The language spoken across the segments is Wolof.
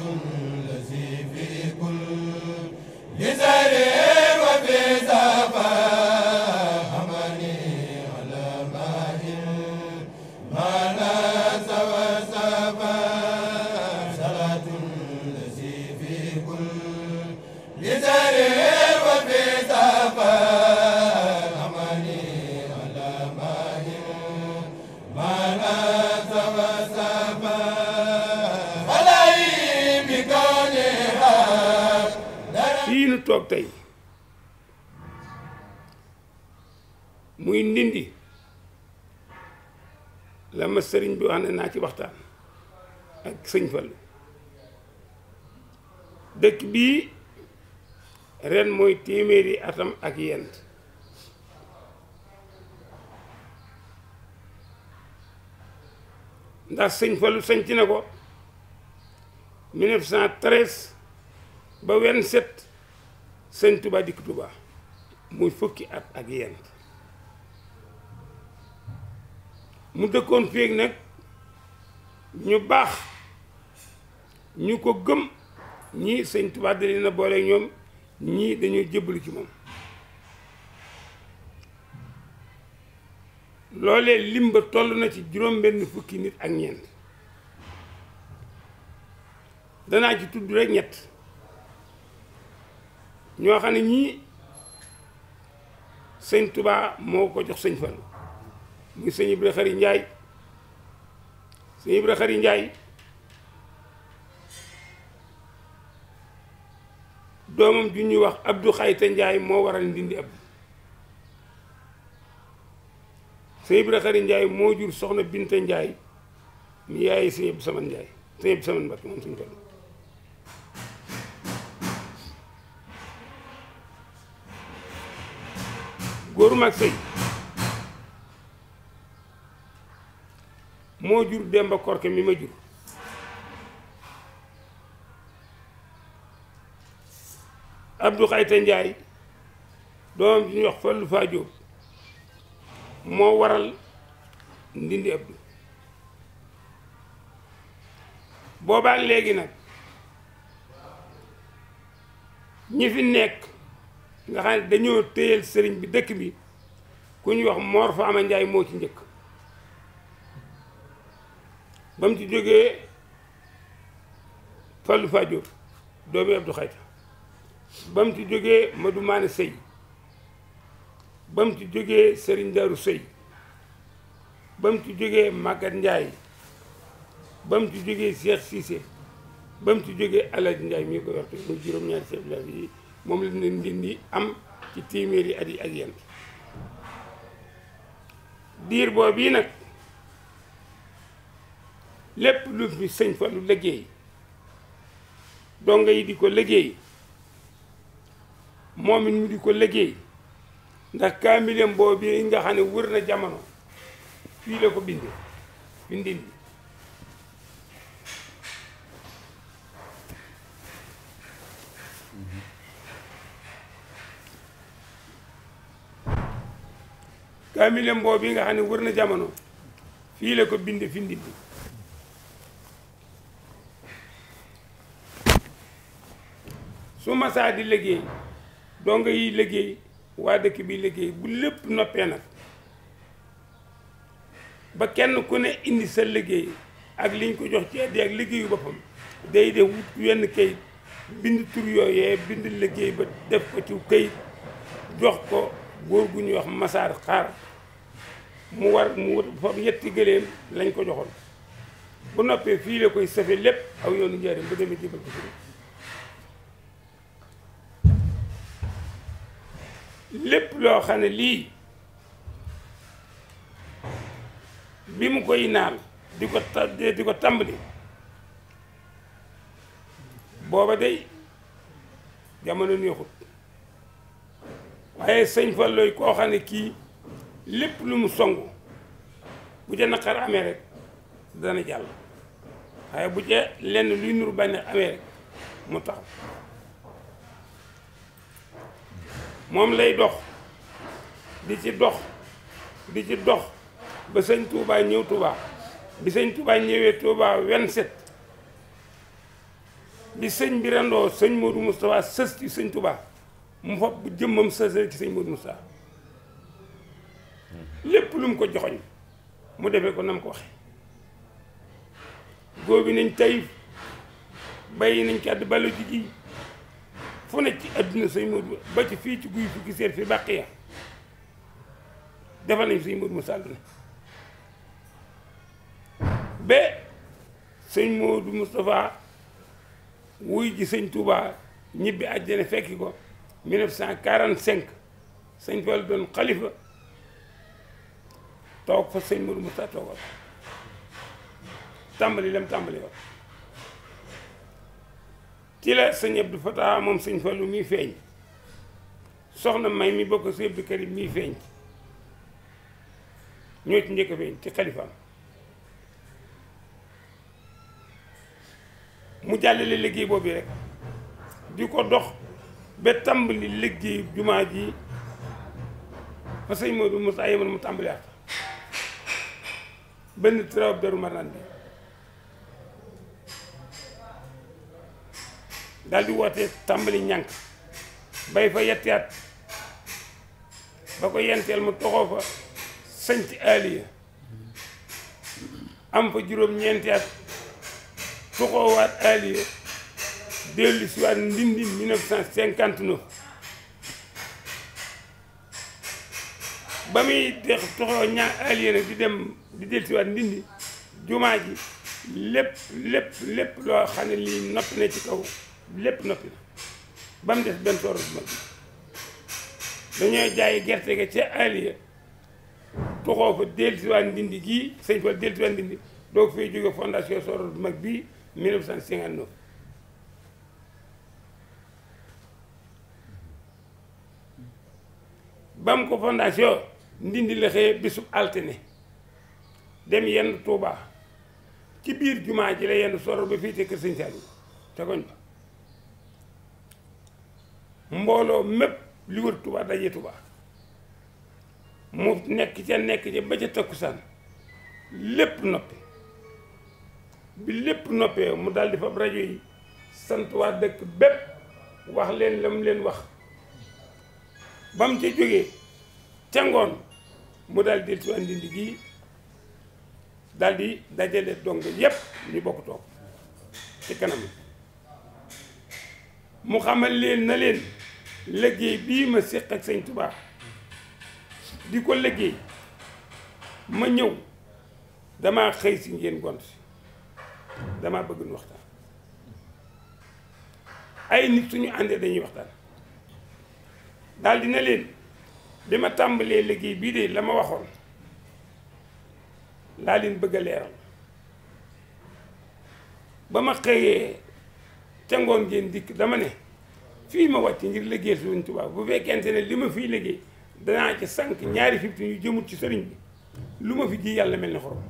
Amen. fii nu toog tey muy ndindi la ma sëriñ bi wax ne naa ci waxtaan ak sëñ Fallu dëkk bii ren mooy téeméeri atam ak yent ndax sëñ Fallu sañc na ko 1913 ba wenn 27 sëñ Touba dikk Touba muy fukki at ak yent mu dëkkoon féeg nag ñu baax ñu ko gëm ñii sëñ tubaa da leen a boole ñoom ñii dañuy jëbbalu ci moom loolee lim ba toll na ci juróom benn fukki nit ak ñeent danaa ci tudd rek ñett ñoo xam ne ñii sëñ Touba moo ko jox sëñ Fallu muy sëñ Ibra Xari Njaay sëñ Ibra Xari Njaay doomam ju ñuy wax Abdou Xayta Njaay moo waral ndindi ab sëñ Ibra Xari Njaay moo jur soxna Binta Njaay mi yaay sëñ Abdou Saman Njaay sëñ Abdou Saman Mbakke moom sëñ Fallu góoru mag sëy moo jur Demba Korke mi ma jur Abdou Xayta Njaay doomam ji ñuy wax Fallu Faa Jóob moo waral ndindi Abdou boobaak léegi nag ñi fi nekk nga xam ne dañoo téyel sëriñ bi dëkk bi ku ñuy wax Mor Faama Njaay moo ci njëkk ba mu ci jógee Fallu Faajoor doomi Abdu Xayta ba mu ci jógee Madu Maane Sëy ba mu ci jógee Sëriñ Daaru Sëy ba mu ci jógee Màggat Njaay ba mu ci jógee Seex Siise ba mu ci jógee Alaaji Njaay mii ko yor muy juróom-ñaari chef moom la ñu leen am ci téeméeri at yi ak yenn diir boobu yi nag lépp lu fi sëñ fa lu liggéey donga yi di ko liggéey moom it mu di ko liggéey ndax kaamilam boobu yi nga xam ne wër na jamono fii la ko bindee bindin bi kaamilam boobu yi nga xam ne wër na jamono fii la ko bind findi bi su masaa di liggéey dongo yi liggéey waa dëkk bi liggéey bu lépp noppee nag ba kenn ku ne indi sa liggéey ak liñ ko jox ci addi ak liggéeyu boppam day def wut wenn kayit bind tur yooyee bind liggéey ba def ko ci kayit jox ko góor gu ñuy wax masaar xaar mu war mu wut fab yetti gëléem lañ ko joxoon bu noppee fii la koy safe lépp aw yoonu njaarim ba demee jébal ko si lépp loo xam lii bi mu koy naan di ko ta di ko tàmbali booba day jamono neexut waaye sëñ Fallou koo xam ne kii lépp lu mu songu bu ca naqar amee rek dana jàll waaye bu ca lenn luy nuru bànne amee rek mu tax moom lay dox di ci dox di ci dox ba sëñ Touba ñëw Touba bi sëñ Touba ñëwee Touba 27 bi sëñ bi rendoo sëñ Modou Moustapha sës ci sëñ Touba. mu fab bu jëmmam sasee ci sëñ Modou Moussa lépp lu mu ko joxoñ mu defee ko nam ko waxe góobi nañ tayif bàyyi nañ kàddu balo jigi fu ne ci àdduna sëñ Modou ba ci fii ci guy fukki seet fi bàq ya defal nañ sëñ Modou Moussa ba sëñ Modou Moustapha wuy ji sëñ Touba ñibbi àjjana fekki ko 1945 sëñ Fall doon xalifa toog fa sëñ Mourou Moussa toogal tàmbali lam tàmbali wax ci la sëñ Abdou Fatah moom sëñ Fallu mii feeñ soxna May mi bokk si Abdou Karim mii feeñ ñoo ci njëkk feeñ ci xalifaam mu jàllale liggéey boobu rek di ko dox ba tàmbali liggéey jumaa ji fa sëñ Modou Moussa yemal mu tàmbali at benn traw daru marnaan bi daal di wootee tàmbali ñànk bay fa yetti ba ko yenteel mu toxoo fa sañc aliya am fa juróom ñeenti at toxoowaat aliya dellu si waat Ndindi 1959 ba muy dex toxoo ñaar allié nag di dem di dellu si waat Ndindi jumaa ji lépp lépp lépp loo xam ne lii noppi na ci kaw lépp noppi na ba mu des benn toor bu mag dañoo jaayi gerte ga ca allié toxoo fa dellu si waat Ndindi gii sëñ fa dellu si waat Ndindi doo fay jóge fondation Soror bu mag bii Bamako fondation ndindi la xëye altine dem yenn Touba ci biir jumaa ji la yenn soro ba fii te kër sëñ Saliou tegoñ mu nekk ca nekk ca ba lépp noppi mu daldi fab rajo yi sant waa dëkk bépp wax leen la leen wax ba mu ci jógee ca ngoon mu daal di dellusiwaat ndindi gii daal dajale dong yépp ñu bokk toog ci kanam mu xamal leen na leen liggéey bii ma séq ak sëñ tubaab di ko liggéey ma ñëw damaa xëy si ngeen gont si damaa bëgg nu waxtaan ay nit suñu àndee dañuy waxtaan dal di ne leen bi ma tàmbalee liggéey bii de la ma waxoon laa leen bëgg a leeral ba ma xëyee ca ngoon ngeen dikk dama ne fii ma wàcc ngir liggéey Sëriñ Tuubaa bu fekkente ne li ma fiy liggéey danaa ci sànq ñaari fifti yu jëmut ci sëriñ bi lu ma fi ji yàlla mel ni xorom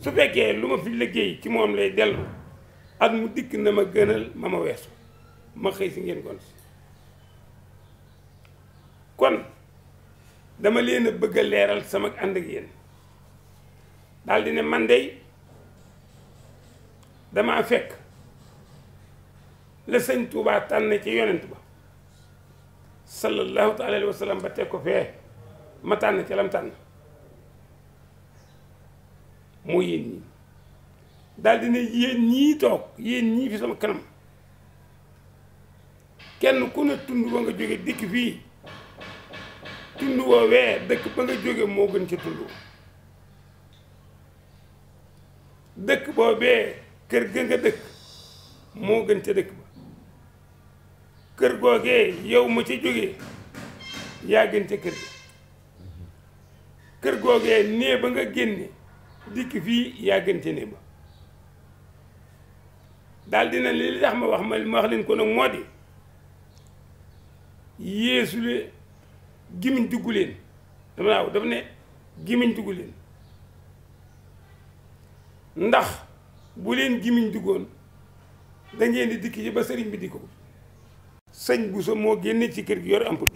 su fekkee lu ma fi liggéey ci moom lay dellu ak mu dikk na ma gënal ma ma weesu ma xëy si ngeen kon si kon dama leen a bëgg a leeral sama ànd ak yéen daal di ne man dey damaa fekk la sëñ Tuubaa tànn ci yonent ba sallallahu taala ba teg ko fee ma tànn ci lam tànn moo yéen ñi daal di ne yéen ñii toog yéen ñii fi sama kanam kenn ku ne tund ba nga jóge dikk fii tund woowee dëkk ba nga jóge moo gën ca tund dëkk boobee kër ga nga dëkk moo gën ca dëkk ba kër googee yow ma ca jóge yaa gën ca kër ga kër googee nee ba nga génne dikk fii yaa gën ca nee ba daal dina li tax ma wax ma ma wax leen ko nag moo di yéesule gimiñ dugg leen dama naaw dafa ne gimiñ dugg leen ndax bu leen gimiñ duggoon da ngeen di dikk ci ba sëriñ bi di ko sëñ bu sa moo génne ci kër gi yor ampul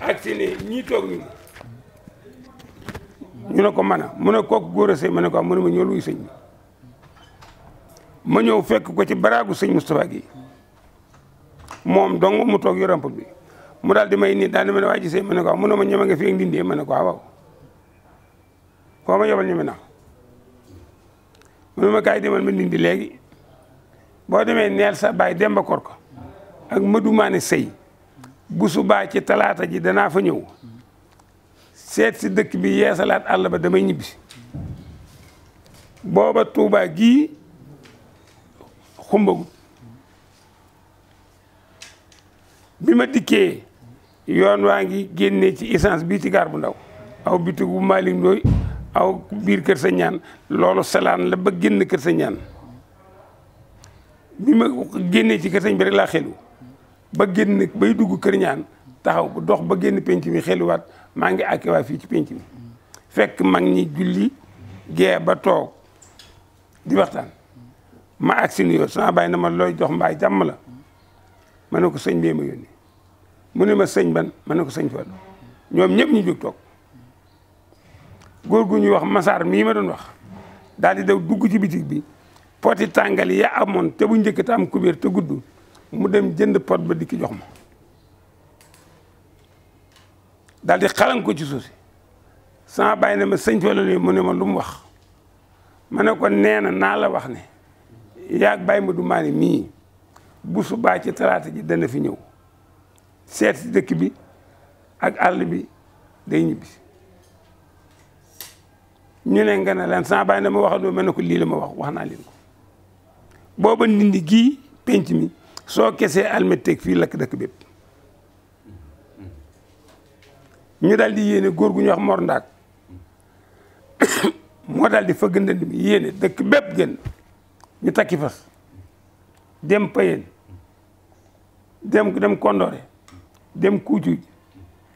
ak si ne ñii toog ñu ñu ne ko man a mu ne kooku góor a sëy ma ne ko mu ne ma ñëw luy sëñ bi ma ñëw fekk ko ci baraagu sëñ Moustapha gi moom dong mu toog yor ampul bi mu daal di may nit daal di ma ne waa gisee ma ne ko mu ne ma ñeme nga fi ak ndindee ma ne ko waaw koo ma yobal ñeme na mu ne ma kaay demal ma ndindi léegi boo demee neel sa baay Demba Kor ak Madou Mané Sey bu subaa ci talaata ji danaa fa ñëw seet si dëkk bi yeesalaat àll ba damay ñibbisi booba Touba gii xumbagut bi ma dikkee yoon waa ngi génne ci essence bii ci gaar bu ndaw aw bitig bu Malick aw biir kër sa ñaan loolu salaan la ba génn kër sa ñaan bi ma génnee ci kër sañ bi rek laa xelu ba génn bay dugg kër ñaan taxaw bu dox ba génn penc mi xeluwaat maa ngi àkki waa fii ci penc mi fekk mag ñi julli gee ba toog di waxtaan ma agsi nuyoo sama bàyyi na ma looy jox mbaay jàmm la ma ne ko sëñ bee ma yónni mu ne ma sëñ ban ma ne ko sëñ Fallu ñoom ñëpp ñu jóg toog góor gu ñuy wax Masaar mii ma doon wax daal di daw dugg ci bitig bi poti tàngal ya amoon te bu njëkk te am kubéer te gudd mu dem jënd pot ba dikki jox ma daldi xalan ko ci suuf si sama bàyyi ne ma sëñ Fallu nii mu ne ma lu wax ma ne ko nee na naa la wax ne yaag bàyyi ma du maa mii bu subaa ci talaata ji dana fi ñëw seet si dëkk bi ak àll bi day ñibbi ñu ne nga ne leen sama ma wax doo mel ne ko lii la ma wax wax naa leen ko booba ndindi gii penc mi soo kesee almet teg fii lakk dëkk bépp ñu daldi di yéene góor gu ñu wax Mor Ndaak moo daal di fëgg ndënd mi yéene dëkk bépp génn ñu takki fas dem Payeen dem dem Kondore dem Kuucuuj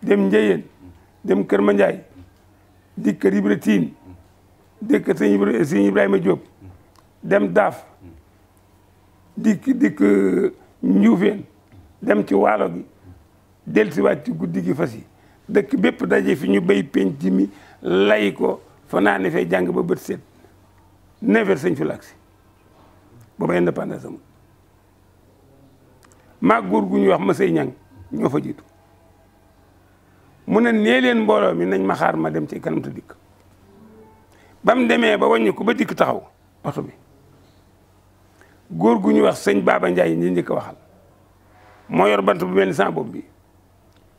dem Njeyeen dem Kër Mandiaye dikk Kër Ibra Tiin dikk sëñ Ibrahima Diop dem Daaf dikk dikk euh, Njuufeen dem ci waalo gi dellusiwaat ci guddi gi fas yi dëkk bépp daje fi ñu béy penc mi lay ko fanaane fay jàng ba bët set neuf heures sëñ fi laag si booba indépendance amul maa góor gu ñuy wax ma sëy ñang ñoo fa jiitu mu ne nee mbooloo mi nañ ma xaar ma dem ci kanam te dikk ba demee ba wàññi ku ba dikk taxaw oto bi góor gu ñu wax sëñ Baaba Njaay njëkk waxal moo yor bant bu mel ni sama bopp bi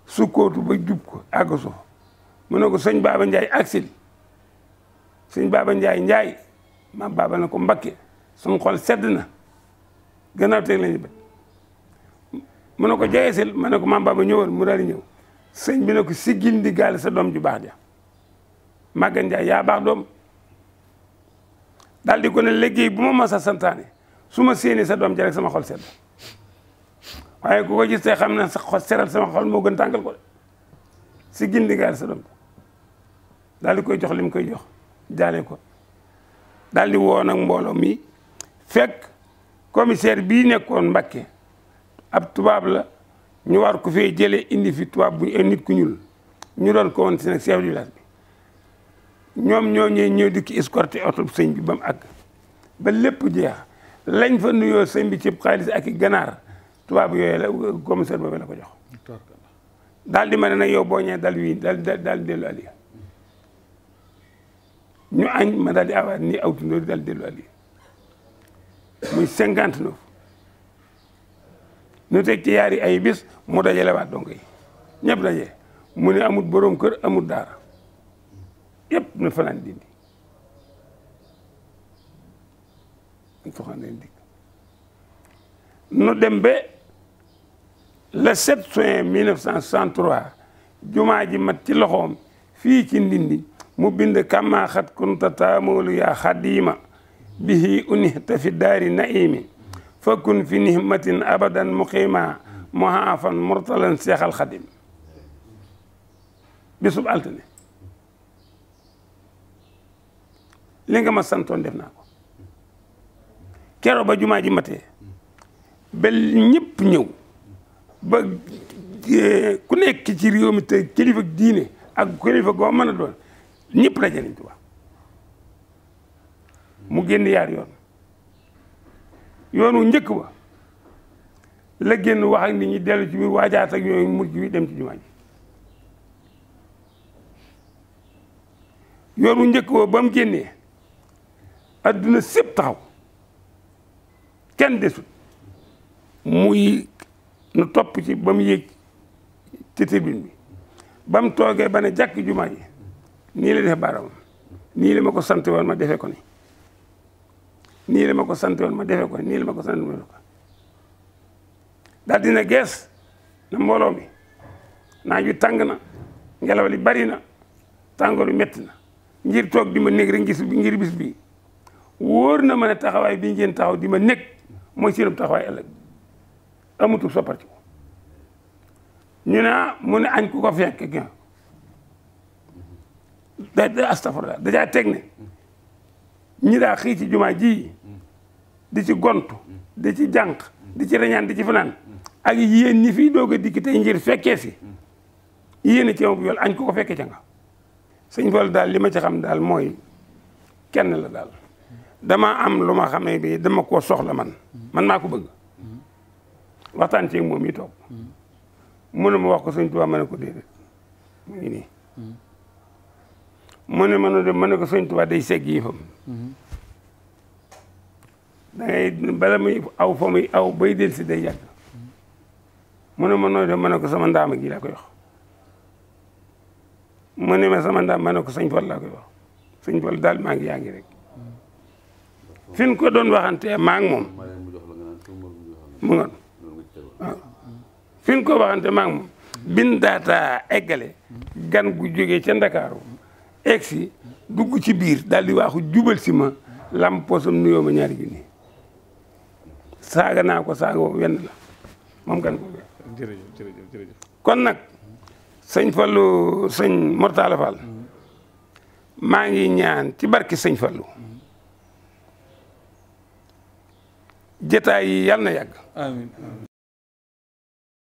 sukkootu ba jub ko àgg suuf mu ne ko sëñ Baaba Njaay agsil sëñ Baaba Njaay Njaay maam Baaba na ko Mbakke suñ xol sedd na gannaaw teg lañu bët mu ne ko jayesil ma ne ko maam Baba ñëwoon mu daal di ñëw sëñ bi ne ko siggil di gaale sa doom ju baax ja Maguette Ndiaye yaa baax doom daldi ko ne liggéey bu ma mas a santaane su ma séenee sa doom ja rek sama xol sedd waaye ku ko gis te xam ne sa xol sama xol moo gën tàngal ko de siggil di gaale sa doom daal di koy jox li koy jox jaale ko daal di woo nag mbooloo mi fekk commissaire bii nekkoon Mbacke ab tubaab la ñu war ko fee jëlee indi fi tubaab bu nit ku ñuul ñu doon ko woon si nag chef du bi ñoom ñoo ñëw ñëw di ki escorté oto sëñ bi ba mu àgg ba lépp jeex lañ fa nuyoo sëñ bi cib xaalis ak i ganaar tubaab yooyu la la ko jox daal di ma ne nag yow boo ñëwee dal wii dal daal dellu ali ñu añ ma daal di awaat nii aw tundóori daal dellu ali muy cinquante neuf nu teg ci yaari ay bis mu dajale waat donk yi ñëpp daje mu ne amut borom kër amut daara yëpp nu fanaan dindi nu dem ba le 7 juin 1963 jumaa ji mat ci loxoom fii ci ndindi mu bind kammaa kunta taamolu yaa xadiima bihi unihta fi daari naimi fakkun fi nihmatin abadan muqima muhaafan murtalan seexal xadim bisub altine li nga ma santoon def naa ko kero ba jumaa ji matee ba ñëpp ñëw ba eh, ku nekk ci réew mi te kilifa diine ak kilifa goo mën a doon ñëpp daje nañ mu génn yaar yoon yoonu njëkk ba la génn wax ak nit ñi dellu ci biir waajaat ak yooyu mujj bi dem ci jumaa ji yoonu njëkk ba ba mu génnee adduna sépp taxaw kenn desut muy na topp ci ba mu yéeg ci tribune bi ba mu toogee ba ne jàkk jumaa ji nii la defe baaramam nii la ma ko sante woon ma defee ko ni nii la ma ko sant woon ma defe ko nii la ma ko sant ma defe ko daal dina gees na mbooloo mi naaj wi tàng na ngelaw li bari na tàngoor bi métti na ngir toog di ma nekk rek ngir ngir bis bi wóor na ma ne taxawaay bi ngeen taxaw di ma nekk mooy seenub taxawaay ëllëg amutul ko ñu ne mu ne añ ku ko fekk gan da astafurlah teg ne ñi daa xii ci jumaa ji di ci gont di ci jànq di ci reñaan di ci fanaan ak yéen ñi fii doog a dikk tey ngir fekkee si yéen a ci bu yool añ ko ko fekkee ca nga sëñ Fall daal li ma ci xam daal mooy kenn la daal dama am lu ma xamee bi dama koo soxla man man maa ko bëgg waxtaan ceeg moom yi toog mënu ma wax ko sëñ Tuubaa ma ne ko déedéet mu ngi nii mm-hmm. mu ne ko sëñ Tuubaa day segg yëfam mm-hmm. da ngay bala muy aw fa muy aw bay del si day yàgg mu ne ma nooy def ma ne ko sama ndaama gi laa koy wax mu ne ma sama ndaam ma ne ko sëñ Fall laa koy wax sëñ Fall daal maa ngi yaa rek fi ko doon waxantee maa ngi moom mu ko waxante maa ngi moom bin eggale gan gu jógee ca Ndakaaru egg dugg ci biir daal di waaxu jubal si ma lam posam nuyoo ñaari junni saaga naa ko saaga woo wenn la moom kan ko kon nag sëñ Fallou sëñ Mortala Fall maa ngi ñaan ci barki sëñ Fallou jotaay yi na yàgg